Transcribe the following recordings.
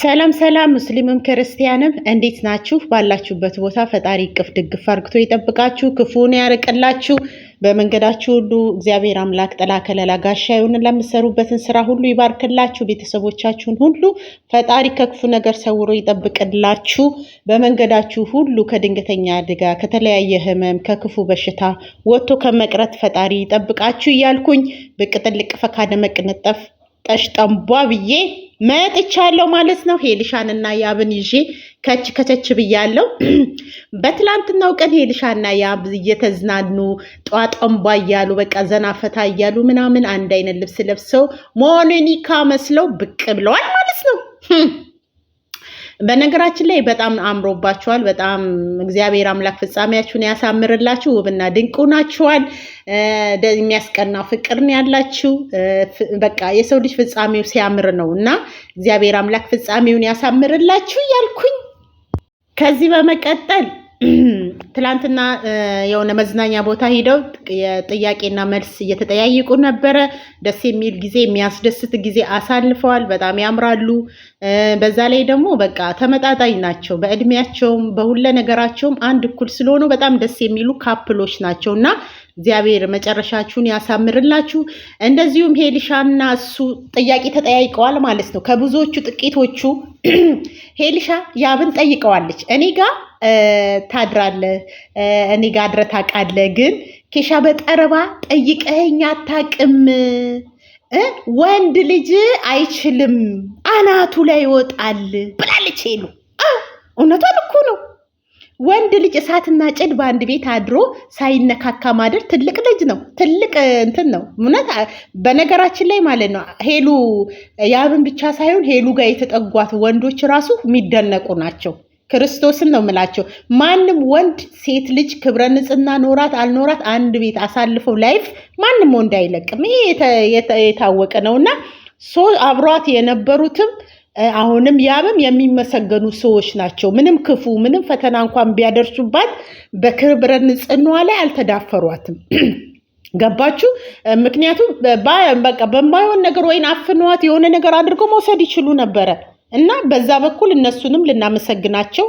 ሰላም ሰላም ሙስሊምም ክርስቲያንም እንዴት ናችሁ? ባላችሁበት ቦታ ፈጣሪ ቅፍ ድግፍ አርግቶ ይጠብቃችሁ፣ ክፉን ያርቅላችሁ። በመንገዳችሁ ሁሉ እግዚአብሔር አምላክ ጥላ ከለላ ጋሻ ይሁን። ለምትሰሩበትን ስራ ሁሉ ይባርክላችሁ። ቤተሰቦቻችሁን ሁሉ ፈጣሪ ከክፉ ነገር ሰውሮ ይጠብቅላችሁ። በመንገዳችሁ ሁሉ ከድንገተኛ አደጋ፣ ከተለያየ ህመም፣ ከክፉ በሽታ ወጥቶ ከመቅረት ፈጣሪ ይጠብቃችሁ እያልኩኝ ብቅ ጥልቅ ፈካደ መቅንጠፍ ቀሽጠንቧ ብዬ መጥቻለሁ ማለት ነው። እና ያብን ይዤ ከች ከቸች ብያለሁ። በትላንትናው ቀን እና ያብ እየተዝናኑ ጧጠንቧ እያሉ በቃ ዘና ፈታ እያሉ ምናምን አንድ አይነት ልብስ ለብሰው ሞኒካ መስለው ብቅ ብለዋል ማለት ነው። በነገራችን ላይ በጣም አምሮባችኋል። በጣም እግዚአብሔር አምላክ ፍጻሜያችሁን ያሳምርላችሁ። ውብና ድንቁ ናችኋል። የሚያስቀና ፍቅርን ያላችሁ በቃ የሰው ልጅ ፍጻሜው ሲያምር ነው እና እግዚአብሔር አምላክ ፍጻሜውን ያሳምርላችሁ እያልኩኝ ከዚህ በመቀጠል ትላንትና የሆነ መዝናኛ ቦታ ሂደው የጥያቄና መልስ እየተጠያየቁ ነበረ። ደስ የሚል ጊዜ፣ የሚያስደስት ጊዜ አሳልፈዋል። በጣም ያምራሉ። በዛ ላይ ደግሞ በቃ ተመጣጣኝ ናቸው። በእድሜያቸውም በሁለ ነገራቸውም አንድ እኩል ስለሆኑ በጣም ደስ የሚሉ ካፕሎች ናቸው እና እግዚአብሔር መጨረሻችሁን ያሳምርላችሁ። እንደዚሁም ሄሊሻና እሱ ጥያቄ ተጠያይቀዋል ማለት ነው። ከብዙዎቹ ጥቂቶቹ ሄሊሻ ያብን ጠይቀዋለች። እኔ ጋ ታድራለህ፣ እኔ ጋ አድረህ ታውቃለህ፣ ግን ኬሻ በጠረባ ጠይቀኸኝ አታውቅም። ወንድ ልጅ አይችልም፣ አናቱ ላይ ይወጣል ብላለች ሄሉ። እውነቷን እኮ ነው። ወንድ ልጅ እሳትና ጭድ በአንድ ቤት አድሮ ሳይነካካ ማደር ትልቅ ልጅ ነው፣ ትልቅ እንትን ነው። እውነት በነገራችን ላይ ማለት ነው ሄሉ ያብን ብቻ ሳይሆን ሄሉ ጋር የተጠጓት ወንዶች ራሱ የሚደነቁ ናቸው። ክርስቶስን ነው ምላቸው። ማንም ወንድ ሴት ልጅ ክብረ ንጽህና ኖራት አልኖራት አንድ ቤት አሳልፈው ላይፍ ማንም ወንድ አይለቅም። ይሄ የታወቀ ነው እና ሶ አብሯት የነበሩትም አሁንም ያብም የሚመሰገኑ ሰዎች ናቸው። ምንም ክፉ ምንም ፈተና እንኳን ቢያደርሱባት በክብረ ንጽሕናዋ ላይ አልተዳፈሯትም። ገባችሁ? ምክንያቱም በቃ በማይሆን ነገር ወይን አፍነዋት የሆነ ነገር አድርገው መውሰድ ይችሉ ነበረ። እና በዛ በኩል እነሱንም ልናመሰግናቸው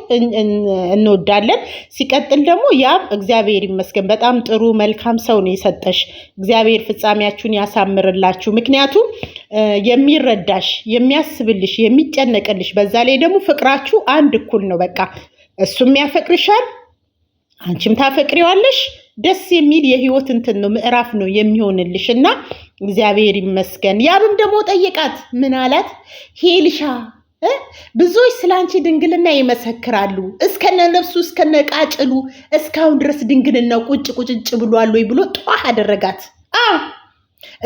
እንወዳለን። ሲቀጥል ደግሞ ያም እግዚአብሔር ይመስገን በጣም ጥሩ መልካም ሰው ነው የሰጠሽ። እግዚአብሔር ፍጻሜያችሁን ያሳምርላችሁ። ምክንያቱም የሚረዳሽ የሚያስብልሽ፣ የሚጨነቅልሽ በዛ ላይ ደግሞ ፍቅራችሁ አንድ እኩል ነው። በቃ እሱም ያፈቅርሻል፣ አንቺም ታፈቅሪዋለሽ። ደስ የሚል የህይወት እንትን ነው ምዕራፍ ነው የሚሆንልሽ እና እግዚአብሔር ይመስገን። ያብም ደግሞ ጠየቃት፣ ምን አላት ሄልሻ ብዙዎች ስለ አንቺ ድንግልና ይመሰክራሉ። እስከነ ነፍሱ እስከነ ቃጭሉ እስካሁን ድረስ ድንግልና ቁጭ ቁጭጭ ብሏል ወይ ብሎ ጠዋ አደረጋት።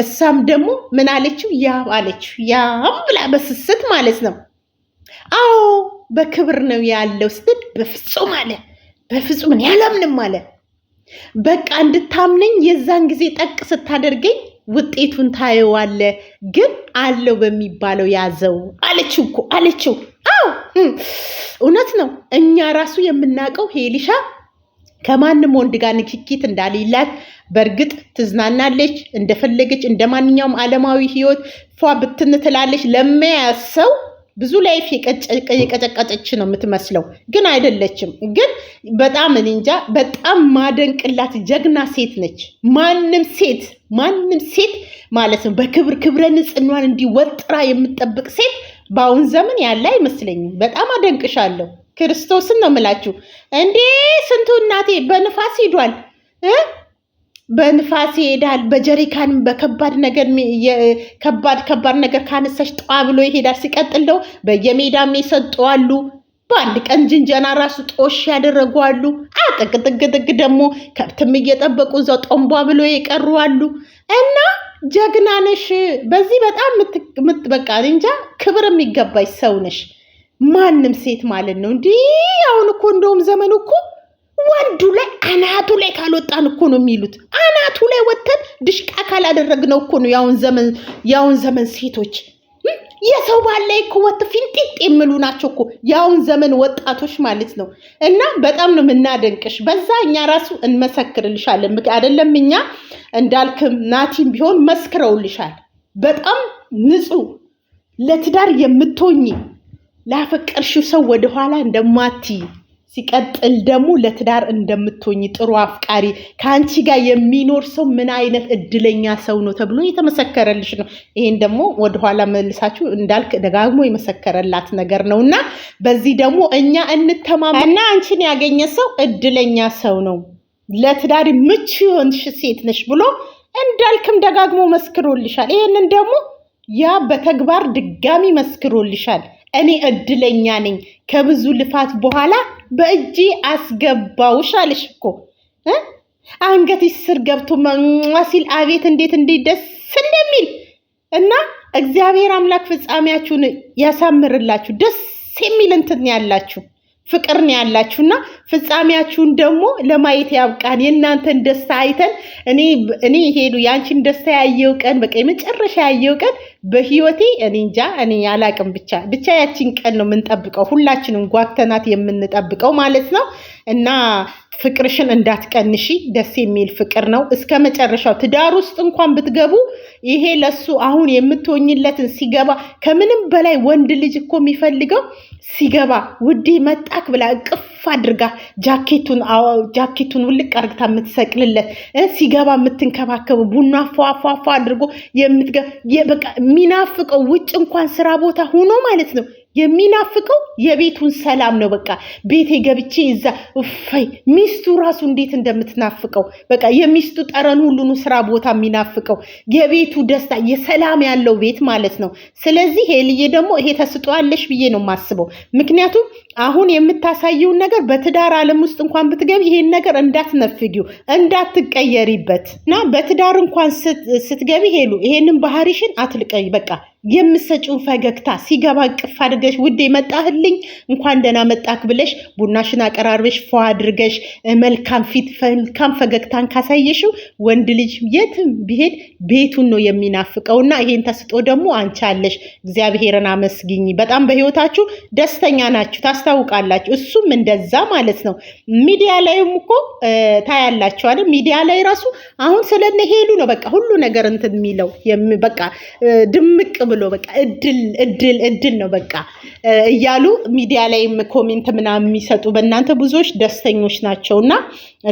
እሷም ደግሞ ምን አለችው? ያም አለችው። ያም ብላ በስስት ማለት ነው። አዎ በክብር ነው ያለው ስትል በፍጹም አለ። በፍጹም ያለምንም አለ። በቃ እንድታምነኝ የዛን ጊዜ ጠቅ ስታደርገኝ ውጤቱን ታየዋለ ግን አለው በሚባለው ያዘው አለችው እኮ አለችው። አዎ እውነት ነው። እኛ ራሱ የምናውቀው ሄሊሻ ከማንም ወንድ ጋር ንክኪት እንዳሌላት በእርግጥ ትዝናናለች፣ እንደፈለገች እንደ ማንኛውም ዓለማዊ ህይወት ፏ ብትን ትላለች ሰው ብዙ ላይፍ የቀጨቀጨች ነው የምትመስለው፣ ግን አይደለችም። ግን በጣም እኔ እንጃ በጣም ማደንቅላት ጀግና ሴት ነች። ማንም ሴት ማንም ሴት ማለት ነው በክብር ክብረ ንጽህኗን እንዲወጥራ የምጠብቅ ሴት በአሁን ዘመን ያለ አይመስለኝም። በጣም አደንቅሻለሁ። ክርስቶስን ነው የምላችሁ እንዴ! ስንቱ እናቴ በንፋስ ሂዷል። በንፋስ ይሄዳል። በጀሪካን በከባድ ነገር ከባድ ከባድ ነገር ካነሳሽ ጠዋ ብሎ ይሄዳል። ሲቀጥል ደው በየሜዳም የሰጡ አሉ። በአንድ ቀን ጅንጀና ራሱ ጦሽ ያደረጉ አሉ። አጥቅጥቅጥቅ ደግሞ ከብትም እየጠበቁ እዛው ጦምቧ ብሎ የቀሩ አሉ እና ጀግና ነሽ። በዚህ በጣም በቃ እንጃ ክብር የሚገባሽ ሰው ነሽ። ማንም ሴት ማለት ነው እንዲህ አሁን እኮ እንደውም ዘመኑ እኮ ወንዱ ላይ አናቱ ላይ ካልወጣን እኮ ነው የሚሉት። አናቱ ላይ ወጥተን ድሽቃ ካላደረግነው እኮ ነው ያሁን ዘመን ያሁን ዘመን ሴቶች የሰው ባል ላይ እኮ ፊንጢጥ የሚሉ ናቸው እኮ ያሁን ዘመን ወጣቶች ማለት ነው። እና በጣም ነው የምናደንቅሽ። በዛ እኛ ራሱ እንመሰክርልሻለን። አይደለም እኛ እንዳልክም ናቲም ቢሆን መስክረውልሻል። በጣም ንጹህ ለትዳር የምትሆኝ ላፈቀርሽው ሰው ወደኋላ እንደማትይ ሲቀጥል ደግሞ ለትዳር እንደምትሆኝ ጥሩ አፍቃሪ፣ ከአንቺ ጋር የሚኖር ሰው ምን አይነት እድለኛ ሰው ነው ተብሎ የተመሰከረልሽ ነው። ይሄን ደግሞ ወደኋላ መልሳችሁ እንዳልክ ደጋግሞ የመሰከረላት ነገር ነው እና በዚህ ደግሞ እኛ እንተማማ እና አንቺን ያገኘ ሰው እድለኛ ሰው ነው፣ ለትዳር ምቹ የሆንሽ ሴት ነሽ ብሎ እንዳልክም ደጋግሞ መስክሮልሻል። ይሄንን ደግሞ ያ በተግባር ድጋሚ መስክሮልሻል። እኔ እድለኛ ነኝ ከብዙ ልፋት በኋላ በእጅ አስገባውሽ አለሽ እኮ አንገትሽ ስር ገብቶ ሲል አቤት እንዴት እንዴት ደስ እንደሚል እና እግዚአብሔር አምላክ ፍጻሜያችሁን ያሳምርላችሁ። ደስ የሚል እንትን ያላችሁ ፍቅር ነው ያላችሁና ፍጻሜያችሁን ደግሞ ለማየት ያብቃን። የእናንተን ደስታ አይተን እኔ እኔ ሄዱ ያንቺን ደስታ ያየው ቀን በቃ የመጨረሻ ያየው ቀን በህይወቴ እኔ እንጃ እኔ አላቅም። ብቻ ብቻ ያችን ቀን ነው የምንጠብቀው፣ ሁላችንም ጓግተናት የምንጠብቀው ማለት ነው እና ፍቅርሽን እንዳትቀንሺ። ደስ የሚል ፍቅር ነው እስከ መጨረሻው። ትዳር ውስጥ እንኳን ብትገቡ ይሄ ለሱ አሁን የምትሆኝለትን ሲገባ ከምንም በላይ ወንድ ልጅ እኮ የሚፈልገው ሲገባ ውዴ መጣክ ብላ እቅፍ አድርጋ ጃኬቱን ጃኬቱን ውልቅ አርግታ የምትሰቅልለት ሲገባ የምትንከባከበ ቡና ፏፏፏ አድርጎ የምትገ በቃ የሚናፍቀው ውጭ እንኳን ስራ ቦታ ሆኖ ማለት ነው የሚናፍቀው የቤቱን ሰላም ነው። በቃ ቤቴ ገብቼ እዛ እፈይ ሚስቱ ራሱ እንዴት እንደምትናፍቀው በቃ የሚስቱ ጠረን ሁሉኑ ስራ ቦታ የሚናፍቀው የቤቱ ደስታ የሰላም ያለው ቤት ማለት ነው። ስለዚህ ሄልዬ ደግሞ ይሄ ተስጦዋለሽ ብዬ ነው የማስበው። ምክንያቱም አሁን የምታሳየውን ነገር በትዳር ዓለም ውስጥ እንኳን ብትገቢ ይሄን ነገር እንዳትነፍጊው እንዳትቀየሪበት እና በትዳር እንኳን ስትገቢ ሄሉ ይሄንን ባህሪሽን አትልቀይ በቃ የምሰጪውን ፈገግታ ሲገባ ቅፍ አድርገሽ ውዴ መጣህልኝ እንኳን ደህና መጣክ ብለሽ ቡናሽን አቀራርበሽ ፎ አድርገሽ መልካም ፊት መልካም ፈገግታን ካሳየሽው ወንድ ልጅ የትም ቢሄድ ቤቱን ነው የሚናፍቀው። እና ይሄን ተስጦ ደግሞ አንቺ አለሽ። እግዚአብሔርን አመስግኝ። በጣም በህይወታችሁ ደስተኛ ናችሁ፣ ታስታውቃላችሁ። እሱም እንደዛ ማለት ነው። ሚዲያ ላይም እኮ ታያላችሁ ሚዲያ ላይ ራሱ አሁን ስለነ ሄሉ ነው በቃ ሁሉ ነገር እንትን የሚለው በቃ ድምቅ ብሎ በቃ እድል እድል እድል ነው በቃ እያሉ ሚዲያ ላይም ኮሜንት ምናምን የሚሰጡ በእናንተ ብዙዎች ደስተኞች ናቸው እና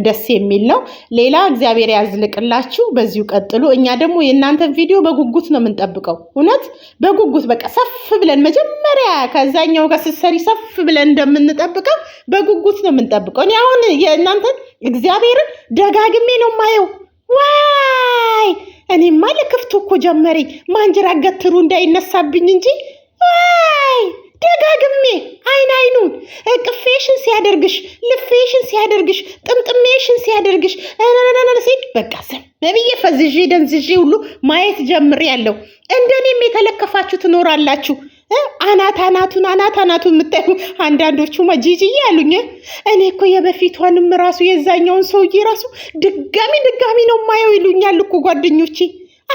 ደስ የሚል ነው። ሌላ እግዚአብሔር ያዝልቅላችሁ፣ በዚሁ ቀጥሉ። እኛ ደግሞ የእናንተን ቪዲዮ በጉጉት ነው የምንጠብቀው። እውነት በጉጉት በቃ ሰፍ ብለን መጀመሪያ ከዛኛው ከስትሰሪ ሰፍ ብለን እንደምንጠብቀው በጉጉት ነው የምንጠብቀው። እኔ አሁን የእናንተን እግዚአብሔርን ደጋግሜ ነው የማየው። ዋይ እኔማ ለክፍቱ እኮ ጀመሪ ማንጀራ ገትሩ እንዳይነሳብኝ እንጂ ይ ደጋግሜ አይን አይኑን ቅፌሽን ሲያደርግሽ ልፌሽን ሲያደርግሽ ጥምጥሜሽን ሲያደርግሽ ሴት በቃ ስም ነብዬ ፈዝዤ ደንዝዤ ሁሉ ማየት ጀምሬ ያለው እንደኔም የተለከፋችሁ ትኖራላችሁ። አናት አናቱን አናት አናቱን የምታዩ አንዳንዶቹ ጂጂዬ አሉኝ። እኔ እኮ የበፊቷንም ራሱ የዛኛውን ሰውዬ ራሱ ድጋሚ ድጋሚ ነው ማየው ይሉኛል እኮ ጓደኞቼ።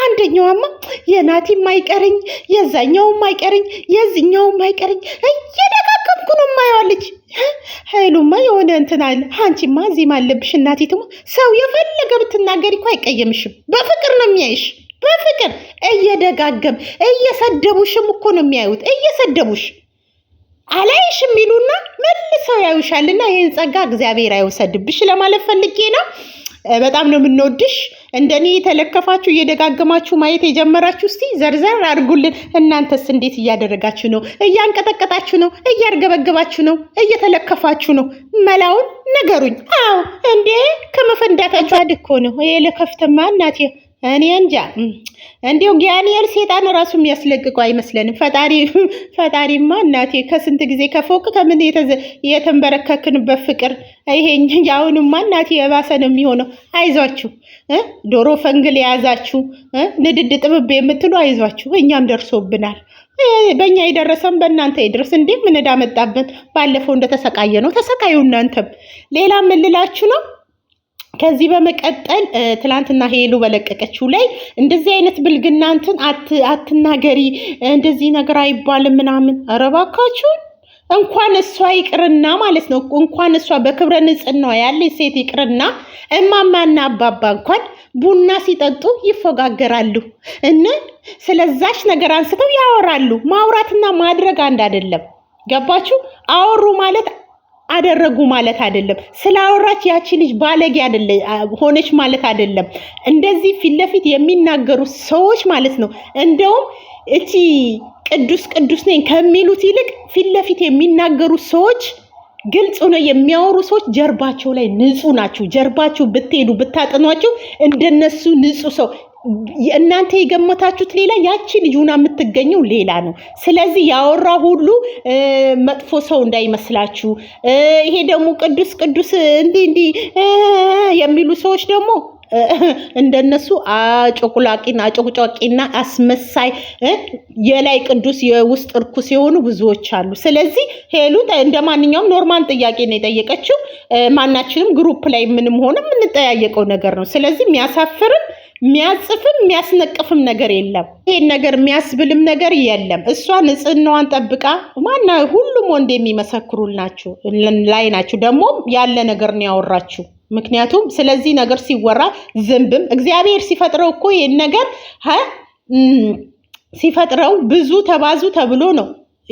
አንደኛዋማ የናቲ ማይቀርኝ፣ የዛኛው ማይቀርኝ፣ የዚኛው ማይቀርኝ እየደጋገምኩ ነው ማየዋለች። ሀይሉማ የሆነ እንትን አለ። አንቺማ ዚህም አለብሽ ሰው የፈለገ ብትናገሪ እኮ አይቀየምሽም። በፍቅር ነው የሚያይሽ። በፍቅር እየደጋገም እየሰደቡሽም እኮ ነው የሚያዩት። እየሰደቡሽ አላይሽ የሚሉና መልሰው ያዩሻልና ይህን ጸጋ እግዚአብሔር አይወሰድብሽ ለማለት ፈልጌ ነው። በጣም ነው የምንወድሽ። እንደኔ የተለከፋችሁ እየደጋገማችሁ ማየት የጀመራችሁ እስቲ ዘርዘር አድርጉልን። እናንተስ እንዴት እያደረጋችሁ ነው? እያንቀጠቀጣችሁ ነው? እያርገበገባችሁ ነው? እየተለከፋችሁ ነው? መላውን ነገሩኝ አዎ እንዴ ከመፈንዳታችሁ አድኮ ነው የለከፍትማ እናቴ እኔ እንጃ እንዲው ጋኒኤል ሴጣን ራሱ የሚያስለቅቀው አይመስለንም። ፈጣሪ ፈጣሪማ እናቴ ከስንት ጊዜ ከፎቅ ከምን የተንበረከክንበት ፍቅር ይሄኝ አሁንማ እናቴ የባሰ ነው የሚሆነው። አይዟችሁ ዶሮ ፈንግል የያዛችሁ ንድድ ጥብብ የምትሉ አይዟችሁ፣ እኛም ደርሶብናል። በእኛ የደረሰም በእናንተ ይድረስ። እንዴ ምን እዳ ባለፈው እንደተሰቃየ ነው ተሰቃዩ። እናንተም ሌላ ምን ልላችሁ ነው? ከዚህ በመቀጠል ትላንትና ሄሉ በለቀቀችው ላይ እንደዚህ አይነት ብልግና እንትን አትናገሪ፣ እንደዚህ ነገር አይባልም ምናምን። ኧረ እባካችሁን እንኳን እሷ ይቅርና ማለት ነው እንኳን እሷ በክብረ ንጽሕናዋ ያለ ሴት ይቅርና እማማና አባባ እንኳን ቡና ሲጠጡ ይፎጋገራሉ እን ስለዛች ነገር አንስተው ያወራሉ። ማውራትና ማድረግ አንድ አይደለም። ገባችሁ? አወሩ ማለት አደረጉ ማለት አይደለም። ስላወራች ያቺ ልጅ ባለጌ ሆነች ማለት አይደለም። እንደዚህ ፊት ለፊት የሚናገሩ ሰዎች ማለት ነው እንደውም እቺ ቅዱስ ቅዱስ ነኝ ከሚሉት ይልቅ ፊት ለፊት የሚናገሩ ሰዎች ግልጽ ሆነ የሚያወሩ ሰዎች ጀርባቸው ላይ ንጹህ ናቸው። ጀርባቸው ብትሄዱ ብታጥኗቸው እንደነሱ ንጹህ ሰው እናንተ የገመታችሁት ሌላ፣ ያቺ ልጁና የምትገኘው ሌላ ነው። ስለዚህ ያወራ ሁሉ መጥፎ ሰው እንዳይመስላችሁ። ይሄ ደግሞ ቅዱስ ቅዱስ እንዲህ እንዲህ የሚሉ ሰዎች ደግሞ እንደነሱ አጮቁላቂና አጮቁጫቂና አስመሳይ የላይ ቅዱስ የውስጥ እርኩስ የሆኑ ብዙዎች አሉ። ስለዚህ ሄሉ እንደ ማንኛውም ኖርማል ጥያቄ ነው የጠየቀችው። ማናችንም ግሩፕ ላይ ምንም ሆነ የምንጠያየቀው ነገር ነው። ስለዚህ የሚያሳፍርም የሚያጽፍም የሚያስነቅፍም ነገር የለም። ይሄን ነገር የሚያስብልም ነገር የለም። እሷ ንጽህናዋን ጠብቃ ማና ሁሉም ወንድ ናቸው ላይ ናቸው። ደግሞ ያለ ነገር ነው ያወራችው። ምክንያቱም ስለዚህ ነገር ሲወራ ዝንብም እግዚአብሔር ሲፈጥረው እኮ ይህን ነገር ሲፈጥረው ብዙ ተባዙ ተብሎ ነው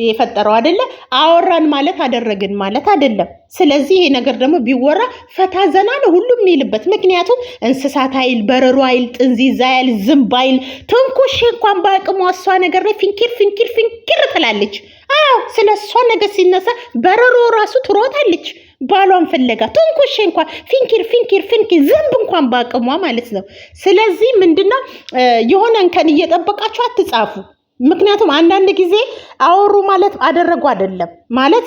የፈጠረው አደለ? አወራን ማለት አደረግን ማለት አደለም። ስለዚህ ይሄ ነገር ደግሞ ቢወራ ፈታ ዘና ነው ሁሉም የሚልበት። ምክንያቱም እንስሳት አይል፣ በረሮ አይል፣ ጥንዚዛ አይል፣ ዝንብ አይል፣ ትንኩሽ እንኳን በአቅሙ እሷ ነገር ላይ ፊንኪር ፊንኪር ፊንኪር ትላለች። አዎ ስለ እሷ ነገር ሲነሳ በረሮ ራሱ ትሮታለች። ባሏን ፍለጋ ትንኩሽ እንኳን ፊንኪር ፊንኪር ፊንኪር ዘንብ እንኳን በአቅሟ ማለት ነው። ስለዚህ ምንድነው የሆነ እንከን እየጠበቃችሁ አትጻፉ። ምክንያቱም አንዳንድ ጊዜ አወሩ ማለት አደረጉ አይደለም ማለት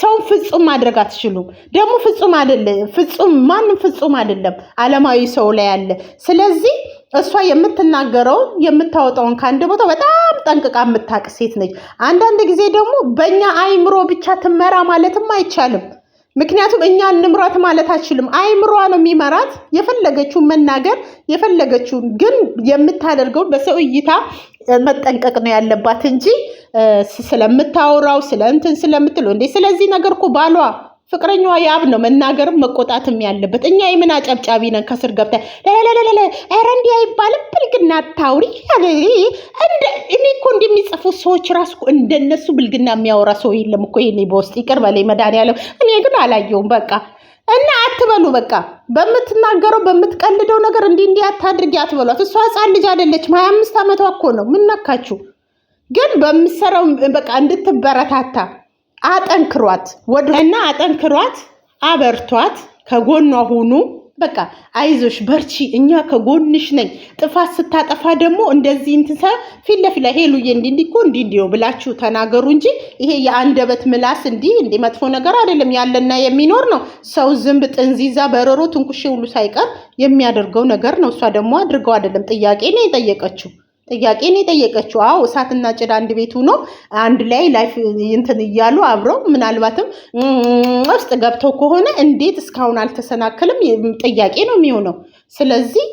ሰውን ፍጹም ማድረግ አትችሉም። ደግሞ ፍጹም አይደለም ፍጹም ማንም ፍጹም አይደለም አለማዊ ሰው ላይ አለ። ስለዚህ እሷ የምትናገረውን የምታወጣውን ከአንድ ቦታ በጣም ጠንቅቃ የምታውቅ ሴት ነች። አንዳንድ ጊዜ ደግሞ በእኛ አይምሮ ብቻ ትመራ ማለትም አይቻልም። ምክንያቱም እኛ እንምሯት ማለት አችልም። አይምሯ ነው የሚመራት። የፈለገችውን መናገር የፈለገችውን ግን የምታደርገው በሰው እይታ መጠንቀቅ ነው ያለባት እንጂ ስለምታወራው ስለ እንትን ስለምትለው እንዴ። ስለዚህ ነገር እኮ ባሏ ፍቅረኛዋ ያብ ነው መናገርም መቆጣትም ያለበት። እኛ የምን አጨብጫቢ ነን? ከስር ገብተ ለለለለለ ኧረ እንዲህ አይባልም ብልግና አታውሪ። እኔ እኮ እንደሚጽፉ ሰዎች ራሱ እንደነሱ ብልግና የሚያወራ ሰው የለም እኮ ይሄኔ። በውስጥ ይቅር በላይ መድኃኒዓለም። እኔ ግን አላየውም በቃ እና አትበሉ በቃ በምትናገረው በምትቀልደው ነገር እንዲህ እንዲህ አታድርጊ አትበሏት። እሷ ሕፃን ልጅ አይደለችም። ሀያ አምስት ዓመቷ እኮ ነው። ምነካችሁ ግን በምትሰራው በቃ እንድትበረታታ አጠንክሯት ወድ እና አጠንክሯት፣ አበርቷት፣ ከጎኗ ሁኑ። በቃ አይዞሽ በርቺ፣ እኛ ከጎንሽ ነኝ። ጥፋት ስታጠፋ ደግሞ እንደዚህ እንትሳ ፊት ለፊት ላይ ሄሉዬ እንዲህ እንዲህ እኮ እንዲህ እንዲህ ብላችሁ ተናገሩ እንጂ ይሄ የአንደበት ምላስ እንዲህ እንዲህ መጥፎ ነገር አይደለም፣ ያለና የሚኖር ነው። ሰው ዝንብ፣ ጥንዚዛ፣ በረሮ፣ ትንኩሽ ሁሉ ሳይቀር የሚያደርገው ነገር ነው። እሷ ደግሞ አድርገው አይደለም ጥያቄ ነው የጠየቀችው። ጥያቄን የጠየቀችው አዎ፣ እሳትና ጭድ አንድ ቤት ሆኖ አንድ ላይ ላይፍ እንትን እያሉ አብረው ምናልባትም ውስጥ ገብተው ከሆነ እንዴት እስካሁን አልተሰናከልም? ጥያቄ ነው የሚሆነው። ስለዚህ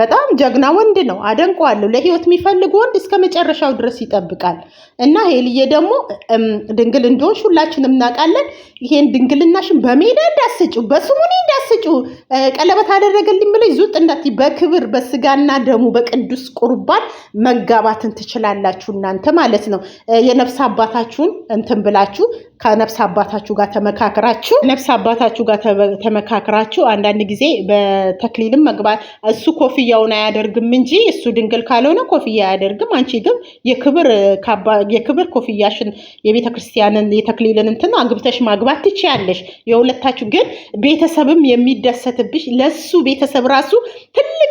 በጣም ጀግና ወንድ ነው፣ አደንቀዋለሁ። ለህይወት የሚፈልግ ወንድ እስከ መጨረሻው ድረስ ይጠብቃል እና ሄልዬ ደግሞ ድንግል እንደሆንሽ ሁላችንም እናውቃለን። ይሄን ድንግልናሽን በሜዳ እንዳሰጪው በስሙኔ እንዳሰጪው ቀለበት አደረገልኝ ብለሽ ዙጥ እንዳት በክብር በስጋና ደሙ በቅዱስ ቁርባን መጋባትን ትችላላችሁ እናንተ ማለት ነው። የነፍስ አባታችሁን እንትን ብላችሁ ከነፍስ አባታችሁ ጋር ተመካክራችሁ ነፍስ አባታችሁ ጋር ተመካክራችሁ አንዳንድ ጊዜ በተክሊልም መግባት እሱ ኮፍያውን አያደርግም እንጂ እሱ ድንግል ካልሆነ ኮፍያ አያደርግም። አንቺ ግን የክብር ኮፍያሽን የቤተ ክርስቲያንን የተክሊልን እንትን አግብተሽ ማግባት ትችያለሽ። የሁለታችሁ ግን ቤተሰብም የሚደሰትብሽ ለሱ ቤተሰብ ራሱ ትልቅ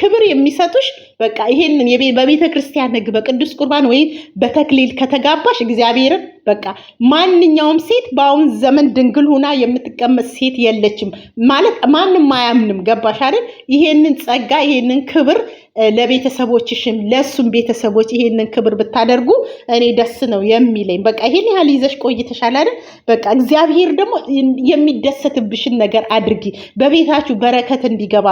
ክብር የሚሰጡሽ በቃ ይሄንን በቤተ ክርስቲያን ህግ በቅዱስ ቁርባን ወይም በተክሊል ከተጋባሽ እግዚአብሔርን በቃ ማንኛውም ሴት በአሁን ዘመን ድንግል ሆና የምትቀመጥ ሴት የለችም ማለት ማንም አያምንም። ገባሽ አይደል? ይሄንን ጸጋ ይሄንን ክብር ለቤተሰቦችሽም ለእሱም ቤተሰቦች ይሄንን ክብር ብታደርጉ እኔ ደስ ነው የሚለኝ። በቃ ይሄን ያህል ይዘሽ ቆይተሻል አይደል? በቃ እግዚአብሔር ደግሞ የሚደሰትብሽን ነገር አድርጊ። በቤታችሁ በረከት እንዲገባ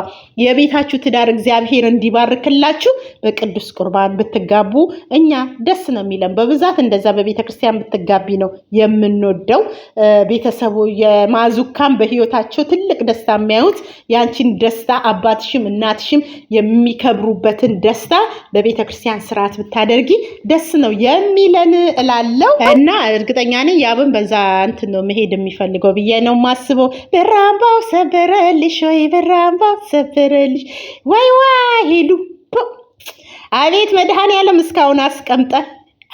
የቤታችሁ ትዳር እግዚአብሔር እንዲባርክላችሁ ብላችሁ በቅዱስ ቁርባን ብትጋቡ እኛ ደስ ነው የሚለን። በብዛት እንደዛ በቤተ ክርስቲያን ብትጋቢ ነው የምንወደው። ቤተሰቡ የማዙካን በህይወታቸው ትልቅ ደስታ የሚያዩት ያንቺን ደስታ አባትሽም እናትሽም የሚከብሩበትን ደስታ በቤተ ክርስቲያን ስርዓት ብታደርጊ ደስ ነው የሚለን እላለው እና እርግጠኛ ነኝ ያብን በዛ እንትን ነው መሄድ የሚፈልገው ብዬ ነው ማስበው። በራምባው ሰበረልሽ ወይ በራምባው ሰበረልሽ ወይ ዋ ሄሉ አቤት መድኃኔዓለም እስካሁን አስቀምጠ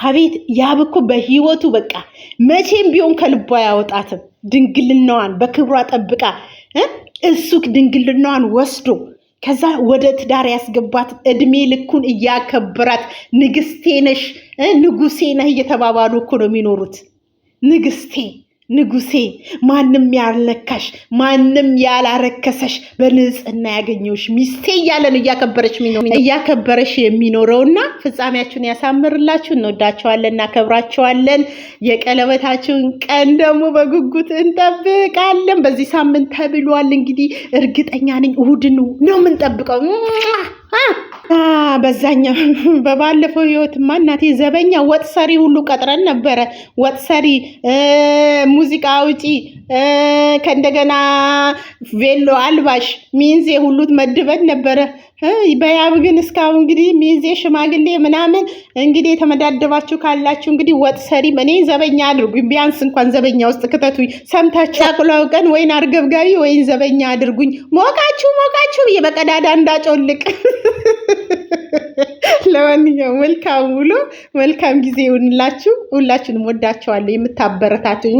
አቤት ያብ እኮ በህይወቱ በቃ መቼም ቢሆን ከልቧ አያወጣትም። ድንግልናዋን በክብሯ ጠብቃ እሱ ድንግልናዋን ወስዶ ከዛ ወደ ትዳር ያስገባት እድሜ ልኩን እያከበራት ንግስቴ ነሽ፣ ንጉሴ ነህ እየተባባሉ እኮ ነው የሚኖሩት ንግስቴ ንጉሴ ማንም ያልነካሽ ማንም ያላረከሰሽ በንጽህና ያገኘሽ ሚስቴ እያለን እያከበረች እያከበረሽ የሚኖረውና ፍጻሜያችሁን ያሳምርላችሁ። እንወዳቸዋለን፣ እናከብራቸዋለን። የቀለበታችሁን ቀን ደግሞ በጉጉት እንጠብቃለን። በዚህ ሳምንት ተብሏል። እንግዲህ እርግጠኛ ነኝ እሁድን ነው የምንጠብቀው። በዛኛው በባለፈው ህይወትማ እናቴ ዘበኛ ወጥ ሰሪ ሁሉ ቀጥረን ነበረ። ወጥ ሰሪ ሙዚቃ አውጪ ከእንደገና ቬሎ አልባሽ ሚንዜ ሁሉት መድበን ነበረ። በያብ ግን እስካሁን እንግዲህ ሚንዜ ሽማግሌ ምናምን እንግዲህ የተመዳደባችሁ ካላችሁ እንግዲህ ወጥ ሰሪም እኔ ዘበኛ አድርጉኝ። ቢያንስ እንኳን ዘበኛ ውስጥ ክተቱኝ። ሰምታችሁ አቁላው ቀን ወይን አርገብጋቢ ወይን ዘበኛ አድርጉኝ። ሞቃችሁ ሞቃችሁ ብዬ በቀዳዳ እንዳጮልቅ። ለማንኛውም መልካም ውሎ መልካም ጊዜ ይሁንላችሁ። ሁላችሁንም ወዳችኋለሁ። የምታበረታችሁ